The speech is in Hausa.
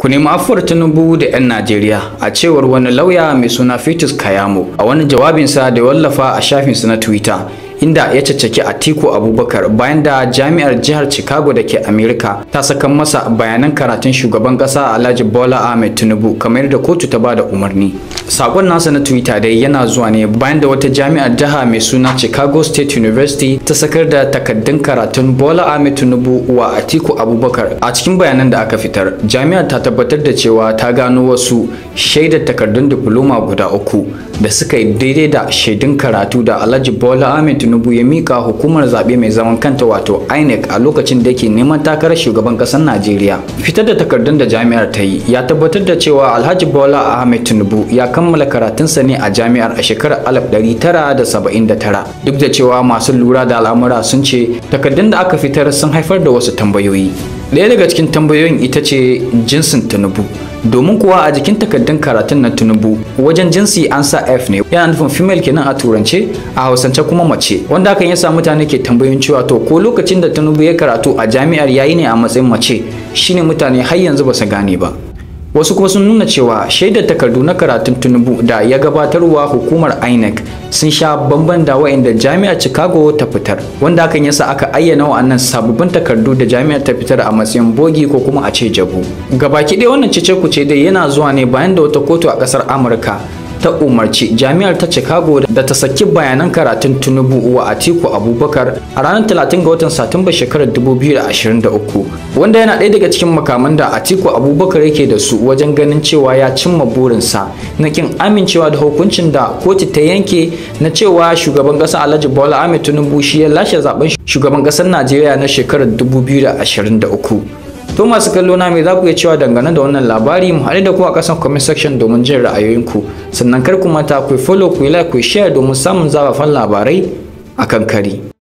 Ku nemi afuwar Tinubu da 'yan Najeriya a cewar wani lauya mai suna Fetus Kayamo a wani jawabinsa da wallafa a shafinsa na Twitter. inda ya caccaki Atiku Abubakar bayan da jami'ar jihar Chicago da ke Amerika ta saka masa bayanan karatun shugaban ƙasa Alhaji Bola Ahmed Tinubu kamar da kotu ta bada umarni. Sakon nasa na Twitter dai yana zuwa ne bayan da wata jami'ar jihar mai suna Chicago State University ta sakar da takaddun karatun Bola Ahmed Tinubu wa Atiku Abubakar a cikin bayanan da aka fitar. Jami'ar ta tabbatar da cewa ta gano wasu shaida takardun diploma guda uku da suka yi daidai da shaidun karatu da Alhaji Bola Ahmed tinubu ya mika hukumar zaɓe mai zaman kanta wato inec a lokacin da yake neman takarar shugaban ƙasar najeriya fitar da takardun da jami'ar ta yi ya tabbatar da cewa alhaji bola ahmed tinubu ya kammala karatunsa ne a jami'ar a shekarar 1979 duk da cewa masu lura da al'amura sun ce takardun da aka fitar sun haifar da wasu tambayoyi ɗaya daga cikin tambayoyin ita ce jinsin tunubu, domin kuwa a jikin takardun karatun na tinubu wajen jinsi an sa f ne yana nufin female kenan a turance a hausance kuma mace wanda hakan yasa mutane ke tambayoyin cewa to ko lokacin da tunubu ya karatu a jami'ar yayi ne a matsayin mace shine mutane har yanzu ba su gane ba wasu kuma sun nuna cewa shaidar takardu na karatun tinubu da ya gabatarwa hukumar inec sun sha bamban da wa'inda jami'ar chicago ta fitar wanda hakan yasa aka ayyana wa'annan sababbin takardu da jami'ar ta fitar a matsayin bogi ko kuma a ce jabu gabaki ɗaya wannan cece kuce dai yana zuwa ne bayan da wata kotu a ƙasar amurka ta umarci jami'ar ta Chicago da ta saki bayanan karatun Tinubu wa Atiku Abubakar a ranar 30 ga watan Satumba shekarar 2023 wanda yana ɗaya daga cikin makaman da Atiku Abubakar yake da su wajen ganin cewa ya cimma burinsa na kin amincewa da hukuncin da kotu ta yanke na cewa shugaban ƙasa Alhaji Bola Ahmed Tinubu shi ya lashe zaben shugaban ƙasar Najeriya na shekarar 2023 to masu kallo na me za ku iya cewa dangane da wannan labari mu haɗu da ku a ƙasan comment section domin jin ra'ayoyinku sannan kar ku mata ku follow ku like ku share domin samun zabafan labarai a kan kari